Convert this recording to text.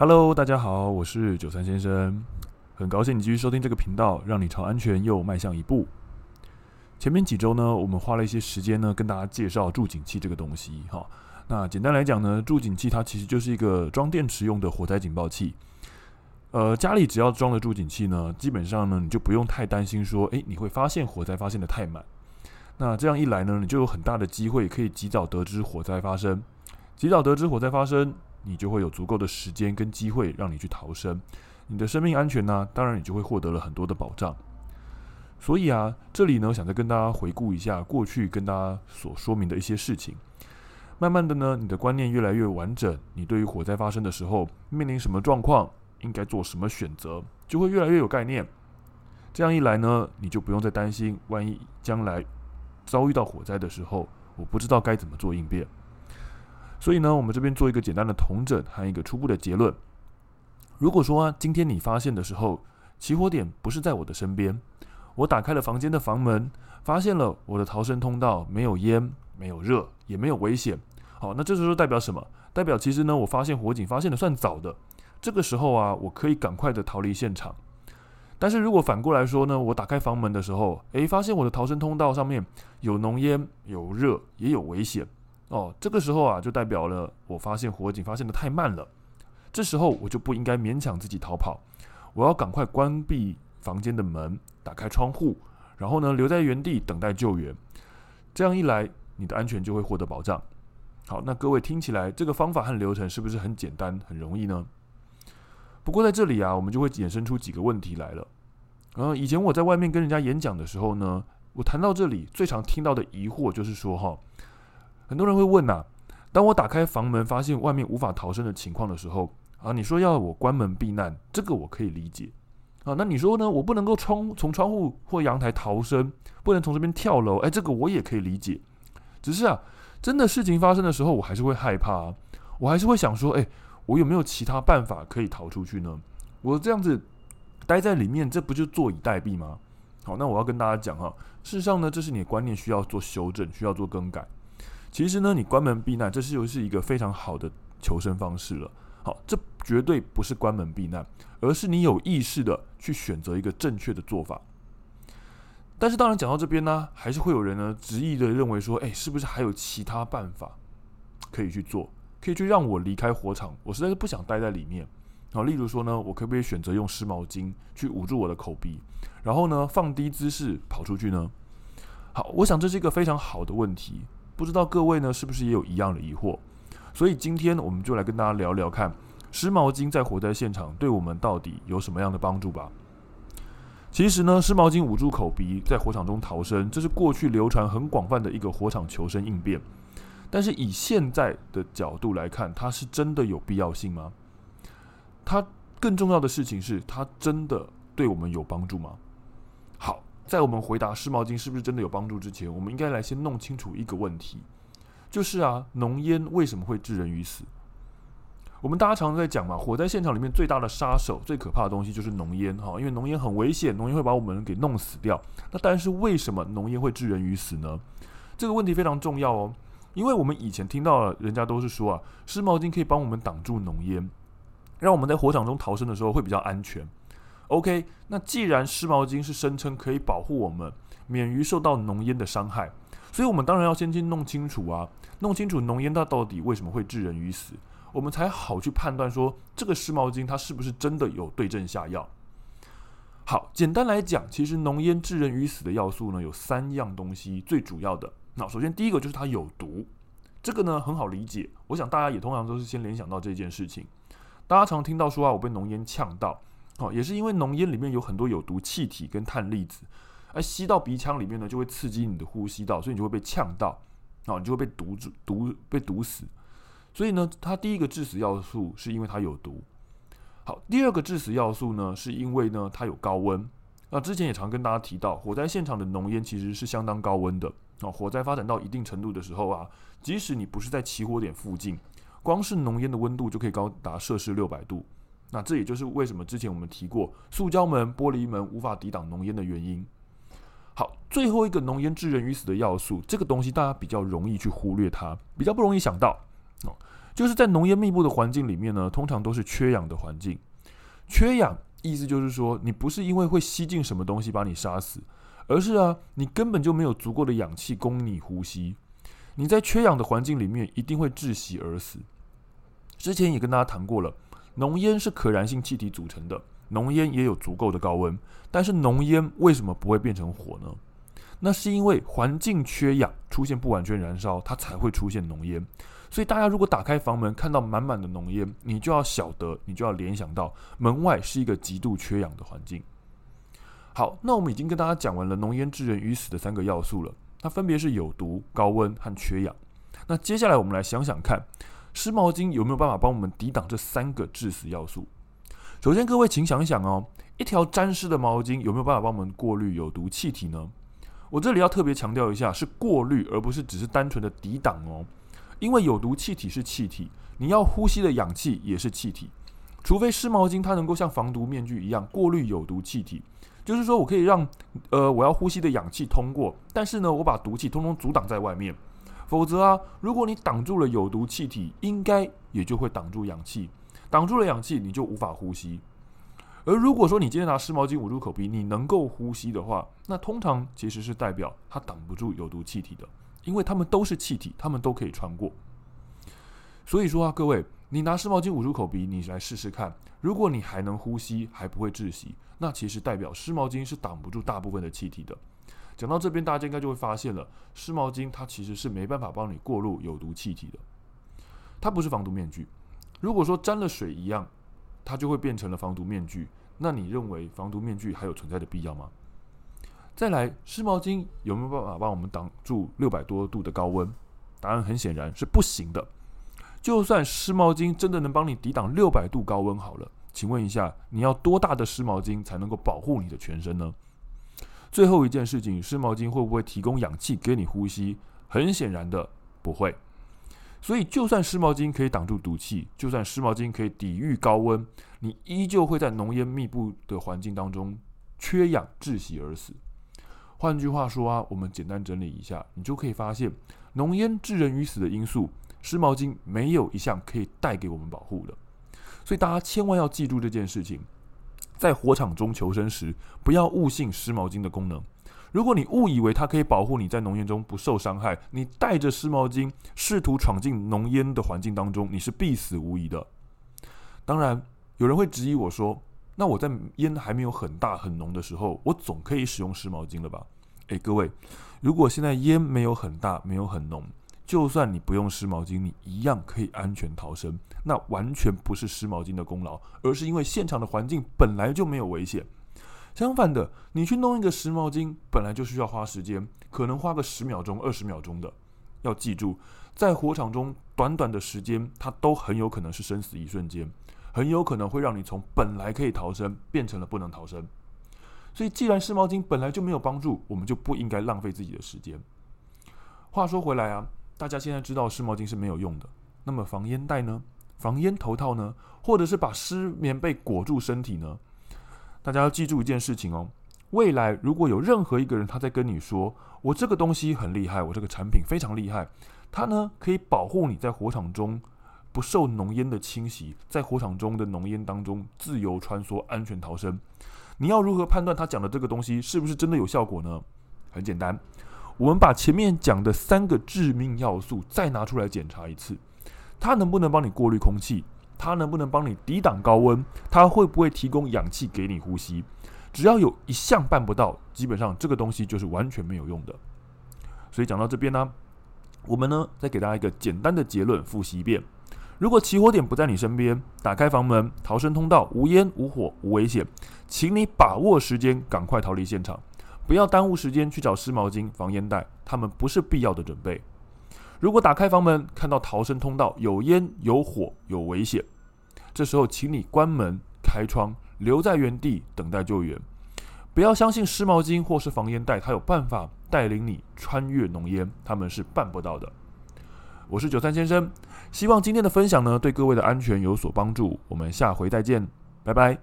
Hello，大家好，我是九三先生，很高興你繼續收聽這個頻道，讓你朝安全又邁向一步。前面幾周呢，我們花了一些時間呢，跟大家介紹住警器這個東西。哈，那簡單來講呢，住警器它其實就是一個裝電池用的火災警報器。呃，家裡只要裝了住警器呢，基本上呢，你就不用太擔心說，哎、欸，你會發現火災發現的太慢。那這樣一來呢，你就有很大的機會可以及早得知火災發生，及早得知火災發生。你就會有足夠的時間跟機會讓你去逃生，你的生命安全呢、啊？當然，你就會獲得了很多的保障。所以啊，這裡呢，想再跟大家回顧一下過去跟大家所說明的一些事情。慢慢的呢，你的觀念越來越完整，你對於火災發生的時候面臨什麼狀況，應該做什麼選擇，就會越來越有概念。這樣一來呢，你就不用再擔心，萬一將來遭遇到火災的時候，我不知道該怎麼做應變。所以呢，我們這邊做一個簡單的統整，還有一個初步的結論。如果說、啊、今天你發現的時候，起火點不是在我的身邊，我打開了房間的房門，發現了我的逃生通道沒有煙、沒有熱，也沒有危險。好，那這時候代表什麼？代表其實呢，我發現火警發現的算早的。這個時候啊，我可以趕快的逃離現場。但是如果反過來說呢，我打開房門的時候，誒，發現我的逃生通道上面有濃煙、有熱，也有危險。哦，這個時候啊，就代表了我發現火警發現得太慢了。這時候我就不應該勉強自己逃跑，我要趕快關閉房間的門，打開窗戶，然後呢，留在原地等待救援。這樣一來，你的安全就會獲得保障。好，那各位聽起來這個方法和流程是不是很簡單、很容易呢？不過在這裡啊，我們就會衍生出幾個問題來了。嗯、呃，以前我在外面跟人家演講的時候呢，我談到這裡最常聽到的疑惑就是說哈。很多人會問吶、啊，當我打開房門，發現外面無法逃生的情況的時候，啊，你說要我關門避難，這個我可以理解，啊，那你說呢？我不能夠窗從窗戶或陽台逃生，不能從這邊跳樓，哎、欸，這個我也可以理解。只是啊，真的事情發生的時候，我還是會害怕、啊，我還是會想說，哎、欸，我有沒有其他辦法可以逃出去呢？我這樣子待在裡面，這不就坐以待斃嗎？好，那我要跟大家講哈、啊，事實上呢，這是你的觀念需要做修正，需要做更改。其實呢，你關門避難，這是又是一個非常好的求生方式了。好，這絕對不是關門避難，而是你有意識的去選擇一個正確的做法。但是，當然講到這邊呢、啊，還是會有人呢執意的認為說，哎、欸，是不是還有其他辦法可以去做，可以去讓我離開火場？我實在是不想待在裡面。好，例如說呢，我可不可以選擇用濕毛巾去捂住我的口鼻，然後呢放低姿勢跑出去呢？好，我想這是一個非常好的問題。不知道各位呢是不是也有一樣的疑惑，所以今天我們就來跟大家聊聊看濕毛巾在火災現場對我們到底有什麼樣的幫助吧。其實呢，濕毛巾捂住口鼻在火場中逃生，這是過去流傳很廣泛的一個火場求生應變。但是以現在的角度來看，它是真的有必要性嗎？它更重要的事情是，它真的對我們有幫助嗎？好。在我們回答濕毛巾是不是真的有幫助之前，我們應該來先弄清楚一個問題，就是啊，濃煙為什麼會致人於死？我們大家常在講嘛，火災現場裡面最大的殺手、最可怕的東西就是濃煙哈，因為濃煙很危險，濃煙會把我們給弄死掉。那但是為什麼濃煙會致人於死呢？這個問題非常重要哦，因為我們以前聽到了，人家都是說啊，濕毛巾可以幫我們擋住濃煙，讓我們在火場中逃生的時候會比較安全。OK，那既然濕毛巾是聲稱可以保護我們免於受到濃煙的傷害，所以我們當然要先去弄清楚啊，弄清楚濃煙它到底為什麼會致人於死，我們才好去判斷說這個濕毛巾它是不是真的有對症下藥。好，簡單來講，其實濃煙致人於死的要素呢，有三樣東西最主要的。那首先第一個就是它有毒，這個呢很好理解，我想大家也通常都是先聯想到這件事情。大家常聽到說啊，我被濃煙嗆到。哦，也是因為濃煙裡面有很多有毒氣體跟碳粒子，而吸到鼻腔裡面呢，就會刺激你的呼吸道，所以你就會被嗆到，啊，你就會被毒住、毒、被毒死。所以呢，它第一個致死要素是因為它有毒。好，第二個致死要素呢，是因為呢它有高溫。那之前也常跟大家提到，火災現場的濃煙其實是相當高溫的。哦，火災發展到一定程度的時候啊，即使你不是在起火點附近，光是濃煙的溫度就可以高達攝氏六百度。那這也就是為什麼之前我們提過塑膠門、玻璃門無法抵擋濃煙的原因。好，最後一個濃煙致人於死的要素，這個東西大家比較容易去忽略它，比較不容易想到哦，就是在濃煙密布的環境裡面呢，通常都是缺氧的環境。缺氧意思就是說，你不是因為會吸進什麼東西把你殺死，而是啊，你根本就沒有足夠的氧氣供你呼吸。你在缺氧的環境裡面一定會窒息而死。之前也跟大家談過了。濃煙是可燃性氣體組成的，濃煙也有足夠的高溫，但是濃煙為什麼不會變成火呢？那是因為環境缺氧，出現不完全燃燒，它才會出現濃煙。所以大家如果打開房門看到滿滿的濃煙，你就要曉得，你就要聯想到門外是一個極度缺氧的環境。好，那我們已經跟大家講完了濃煙致人於死的三個要素了，它分別是有毒、高溫和缺氧。那接下來我們來想想看。濕毛巾有沒有辦法幫我們抵擋這三個致死要素？首先，各位請想一想哦，一條沾濕的毛巾有沒有辦法幫我們過濾有毒氣體呢？我這裡要特別強調一下，是過濾，而不是只是單純的抵擋哦。因為有毒氣體是氣體，你要呼吸的氧氣也是氣體，除非濕毛巾它能夠像防毒面具一樣過濾有毒氣體，就是說我可以讓呃我要呼吸的氧氣通過，但是呢我把毒氣通通阻擋在外面。否則啊，如果你擋住了有毒氣體，應該也就會擋住氧氣。擋住了氧氣，你就無法呼吸。而如果說你今天拿濕毛巾捂住口鼻，你能夠呼吸的話，那通常其實是代表它擋不住有毒氣體的，因為它們都是氣體，它們都可以穿過。所以說啊，各位，你拿濕毛巾捂住口鼻，你來試試看，如果你還能呼吸，還不會窒息，那其實代表濕毛巾是擋不住大部分的氣體的。講到這邊，大家應該就會發現了，濕毛巾它其實是沒辦法幫你過濾有毒氣體的，它不是防毒面具。如果說沾了水一樣，它就會變成了防毒面具，那你認為防毒面具還有存在的必要嗎？再來，濕毛巾有沒有辦法幫我們擋住六百多度的高溫？答案很顯然是不行的。就算濕毛巾真的能幫你抵擋六百度高溫，好了，請問一下，你要多大的濕毛巾才能夠保護你的全身呢？最後一件事情，濕毛巾會不會提供氧氣給你呼吸？很顯然的，不會。所以，就算濕毛巾可以擋住毒氣，就算濕毛巾可以抵禦高溫，你依舊會在濃煙密布的環境當中缺氧窒息而死。換句話說啊，我們簡單整理一下，你就可以發現，濃煙致人於死的因素，濕毛巾沒有一項可以帶給我們保護的。所以，大家千萬要記住這件事情。在火場中求生時，不要誤信濕毛巾的功能。如果你誤以為它可以保護你在濃煙中不受傷害，你帶着濕毛巾試圖闖進濃煙的環境當中，你是必死無疑的。當然，有人會質疑我說：“那我在煙還沒有很大很濃的時候，我總可以使用濕毛巾了吧？”誒、欸，各位，如果現在煙沒有很大，沒有很濃。就算你不用濕毛巾，你一樣可以安全逃生。那完全不是濕毛巾的功勞，而是因為現場的環境本來就沒有危險。相反的，你去弄一個濕毛巾，本來就需要花時間，可能花個十秒鐘、二十秒鐘的。要記住，在火場中，短短的時間，它都很有可能是生死一瞬間，很有可能會讓你從本來可以逃生變成了不能逃生。所以，既然濕毛巾本來就沒有幫助，我們就不應該浪費自己的時間。話說回來啊。大家現在知道濕毛巾是沒有用的，那麼防煙袋呢？防煙頭套呢？或者是把濕棉被裹住身體呢？大家要記住一件事情哦：未來如果有任何一個人他在跟你說“我這個東西很厲害，我這個產品非常厲害，它呢可以保護你在火場中不受濃煙的侵襲，在火場中的濃煙當中自由穿梭、安全逃生”，你要如何判斷他講的這個東西是不是真的有效果呢？很簡單。我們把前面講的三個致命要素再拿出來檢查一次，它能不能幫你過濾空氣？它能不能幫你抵擋高溫？它會不會提供氧氣給你呼吸？只要有一項辦不到，基本上這個東西就是完全沒有用的。所以講到這邊呢、啊，我們呢再給大家一個簡單的結論，複習一遍：如果起火點不在你身邊，打開房門，逃生通道無煙無火無危險，請你把握時間，趕快逃離現場。不要耽誤時間去找濕毛巾、防煙袋，它們不是必要的準備。如果打開房門看到逃生通道有煙、有火、有危險，這時候請你關門、開窗，留在原地等待救援。不要相信濕毛巾或是防煙袋，它有辦法帶領你穿越濃煙，他們是辦不到的。我是九三先生，希望今天的分享呢，對各位的安全有所幫助。我們下回再見，拜拜。